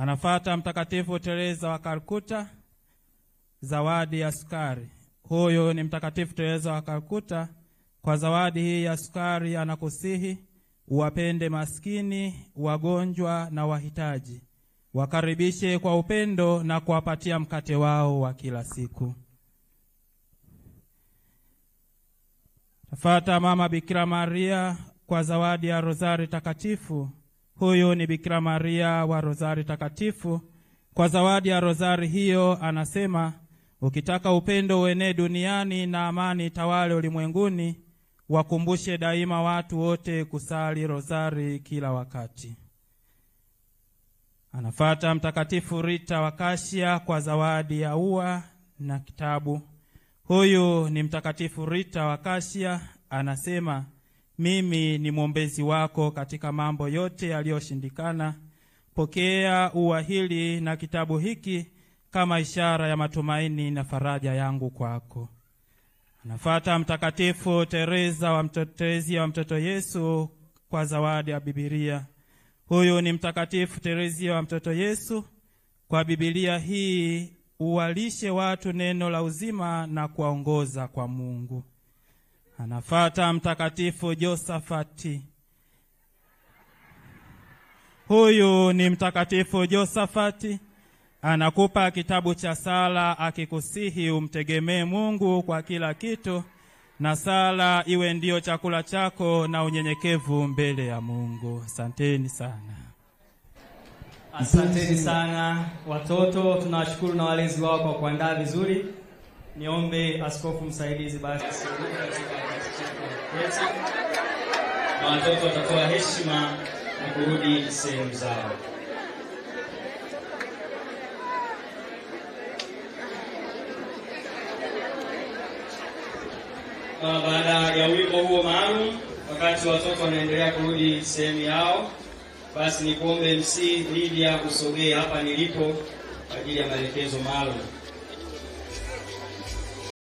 Anafata Mtakatifu Teresa wa Kalkuta, zawadi ya sukari. Huyu ni Mtakatifu Teresa wa Kalkuta. Kwa zawadi hii ya sukari, anakusihi uwapende maskini, wagonjwa na wahitaji, wakaribishe kwa upendo na kuwapatia mkate wao wa kila siku. Tafata Mama Bikira Maria kwa zawadi ya rozari takatifu Huyu ni Bikira Maria wa Rozari Takatifu. Kwa zawadi ya rozari hiyo anasema, ukitaka upendo uenee duniani na amani tawale ulimwenguni, wakumbushe daima watu wote kusali rozari kila wakati. Anafata Mtakatifu Rita wa Kashia kwa zawadi ya ua na kitabu. Huyu ni Mtakatifu Rita wa Kashia, anasema mimi ni mwombezi wako katika mambo yote yaliyoshindikana. Pokea ua hili na kitabu hiki kama ishara ya matumaini na faraja yangu kwako. Anafata Mtakatifu Teresa wa Mtetezi wa mtoto Yesu kwa zawadi ya Bibilia. Huyu ni Mtakatifu Teresa wa mtoto Yesu. Kwa Bibilia hii uwalishe watu neno la uzima na kuwaongoza kwa Mungu anafata Mtakatifu Josafati. Huyu ni Mtakatifu Josafati, anakupa kitabu cha sala akikusihi umtegemee Mungu kwa kila kitu na sala iwe ndiyo chakula chako na unyenyekevu mbele ya Mungu. Asanteni sana, asanteni sana watoto, tunawashukuru na walezi wao kwa kuandaa vizuri niombe askofu msaidizi basi na watoto watapewa heshima na kurudi sehemu zao. Baada ya wimbo huo maalum, wakati watoto wanaendelea kurudi sehemu yao, basi nikuombe MC Lydia usogee hapa nilipo kwa ajili ya maelekezo maalum.